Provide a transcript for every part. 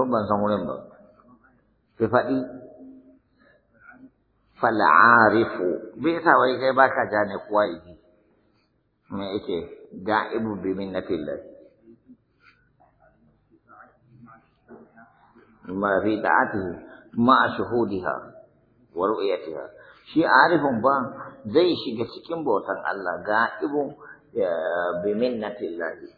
fa ban san wurin ba ki faɗi fal'arifu bai sa wai kai baka jane kuwa iji me yake da'ibu bi minnatillah ma fi ha, ma shuhudiha wa ha. shi arifin ba zai shiga cikin bautan Allah ga'ibun eh, bi minnatillahi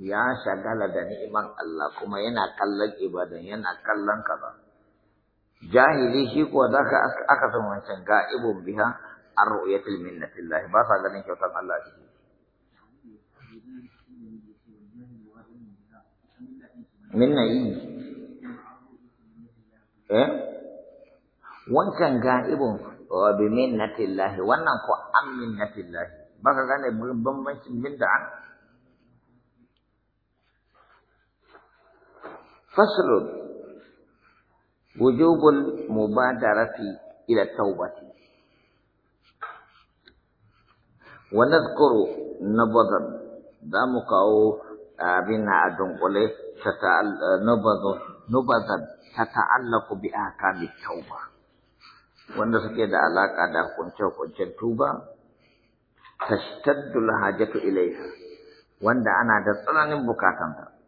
ya shagala da ni'iman Allah kuma yana kallon ibadan yana kallon ba. jahili shi ko da aka san wancan ga'ibun biha an ru'yatil minnatillahi ba sa ganin kyautar Allah shi minna yi eh wancan ga'ibun bi minnatillahi wannan ko an minnatillahi ba ka gane bambancin min da an فصل وجوب المبادرة إلى التوبة ونذكر نبضا دامك أو أبينا أدنقله قولي نبضا تتعلق بأحكام التوبة ونذكر كده علاقة دا كنت كنت توبة تشتد الحاجة إليها وأن أنا دا بكاتنها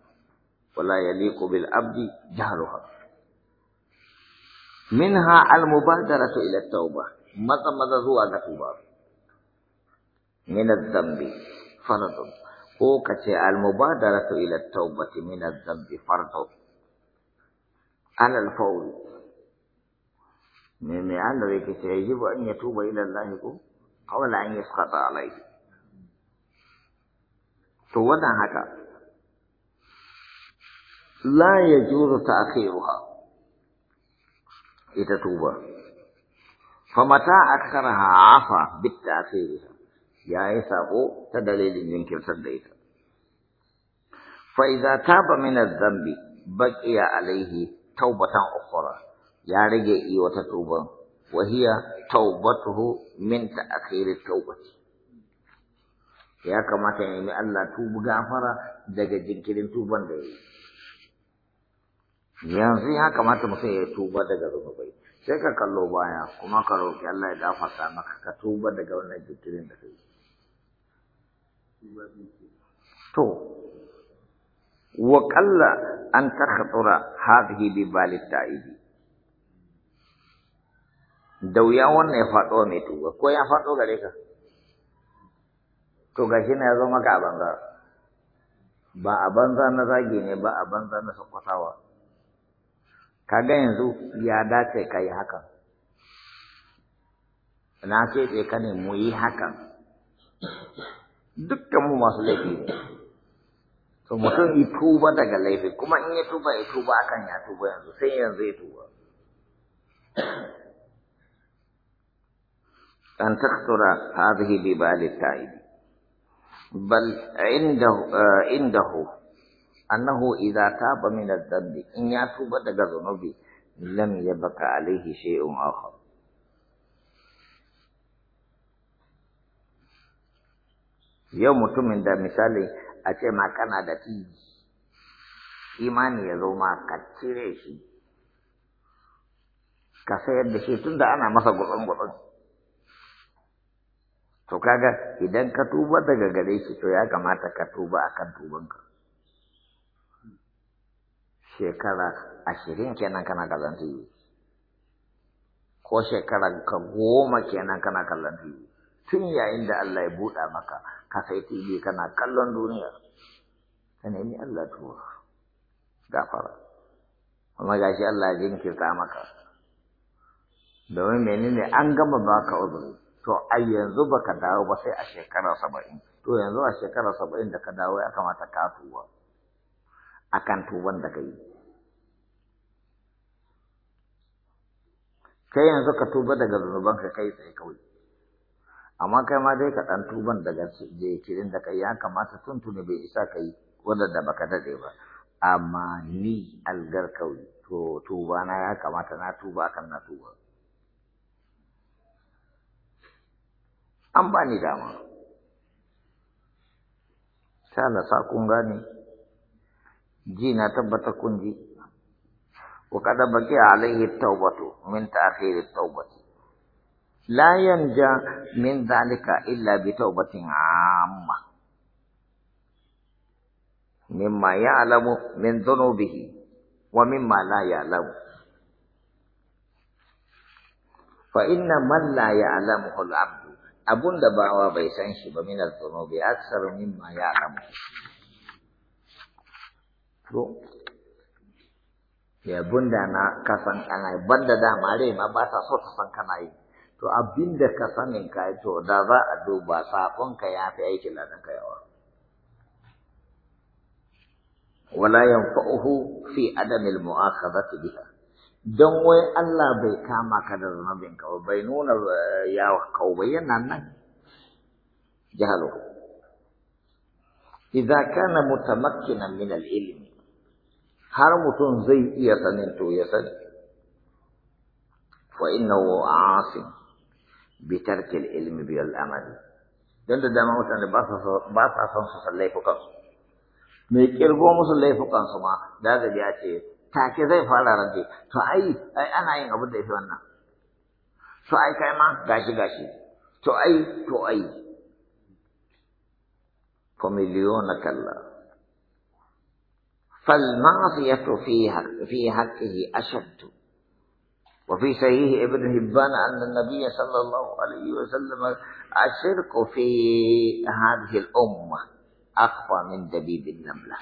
ولا يليق بالعبد جهلها منها المبادرة إلى التوبة مضى مضى ذو أدقوا من الذنب فرض فوقة المبادرة إلى التوبة من الذنب فرض على الفور من أن يجب أن يتوب إلى الله قبل أن يسقط عليه تو تودع هكذا la ya juru ta'khiruha ita tuba famata akharaha afa bit ta'khiriha yayi sako ta dalilin jinkirtar da ita fa ta taba min adh-dhanbi baqiya alayhi taubatan ukhra ya rage yi wata tuban wa hiya taubatuhu min ta'khiri taubati ya kamata ya nemi Allah tubu gafara daga jinkirin tuban da yayi yanzu ya kamata mutum ya tuba daga zunubai sai ka kallo baya kuma ka roƙi Allah ya gafarta maka ka tuba daga wannan jinkirin da kai to wa qalla an khatura hadhihi bi bali ta'ibi da wuya wannan ya faɗo mai tuba ko ya faɗo gare ka to gashi na ya zo maka a banza ba a banza na zage ne ba a banza na sakwatawa kaga yanzu ya dace ka yi hakan na ce ka ne mu yi hakan dukkan mu masu laifi ne to mutum yi tuba daga laifi kuma in ya tuba ya tuba akan ya tuba yanzu sai yanzu ya tuba hazihi تخطر هذه bal eh, annahu idza taba min ad-dambi in ya tuba daga zunubi lam yabqa alaihi shay'un akhar yau mutumin da misali a ce ma kana da tiji imani ya zo ma ka shi ka sayar da shi tunda ana masa gutsun-gutsun to kaga idan ka tuba daga gare shi to ya kamata ka tuba akan tubanka shekara ashirin kenan kana kallon TV ko shekara ka goma kenan kana kallon TV tun yayin da Allah ya buɗa maka ka sai TV kana kallon duniya ka nemi Allah tuwa gafara kuma shi Allah ya jinkirta maka domin menene an gama baka uzuri to a yanzu baka dawo ba sai a shekara saba'in to yanzu a shekara saba'in da ka dawo ya kamata ka tuwa akan tuban da kai kai yanzu ka tuba daga zunuban ka kai tsaye kawai amma kai ma dai ka ɗan tuban daga kirin da kai ya kamata tuntuni bai isa kai wanda da baka dade ba amma ni algar kawai to tuba na ya kamata na tuba kan na tuba an bani dama ta na sa kun gane ji na tabbatar kun ji wa kada baki alaihi taubatu min ta'khiri taubati la yanja min zalika illa bi taubatin amma mimma ya'lamu min dhunubihi wa mimma la ya'lamu fa inna man la ya'lamu al-'abdu abunda bawa bai san shi ba min al-dhunubi aktsaru mimma ya'lamu to ya bunda na kasan kana banda dama rai ma ba ta so ta san kana yi to abinda ka sanin ka yi to da za a duba sakon ka ya fi aikin ladan ka yawa wala fi adamil ta biha don wai Allah bai kama ka da zunubin ka bai nuna eh, ya kau bayyana nan jahalo idza kana mutamakkinan min al-ilmi har mutum zai iya sanin to ya sani fa innahu asim bi tarki al-ilmi bi al-amali dan da dama mutane ba sa ba sa son su san laifukan su mai kirgo musu laifukan su ma da ya ce take zai fara rage to ai ai ana yin abin da yafi wannan to ai kai ma gashi gashi to ai to ai fa na kallah فالمعصية فيها في حقه أشد وفي صحيح ابن حبان أن النبي صلى الله عليه وسلم الشرك في هذه الأمة أقوى من دبيب النملة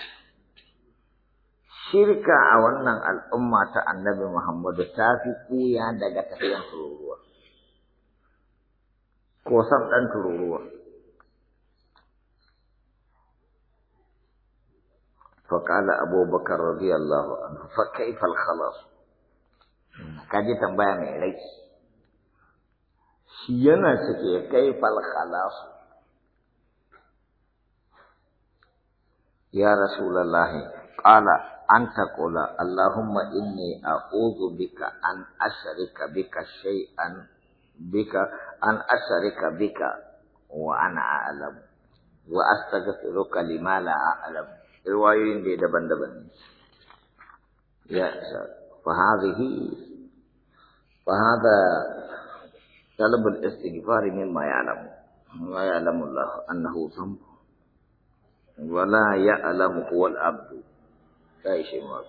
شرك أولا الأمة النبي محمد تافقيا دقتها في الروح كوسط أنت الروح فقال أبو بكر رضي الله عنه فكيف الخلاص كذي تنبأ مني شينا سكي كيف الخلاص يا رسول الله قال أن تقول اللهم إني أعوذ بك أن أشرك بك شيئا بك أن أشرك بك وأنا أعلم وأستغفرك لما لا أعلم روايين da daban-daban يا fa hadhihi طلب الاستغفار مما يعلم ما يعلم الله أنه ذنب ولا يعلم هو العبد لا شيء ما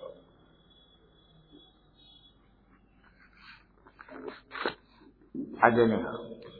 عدنها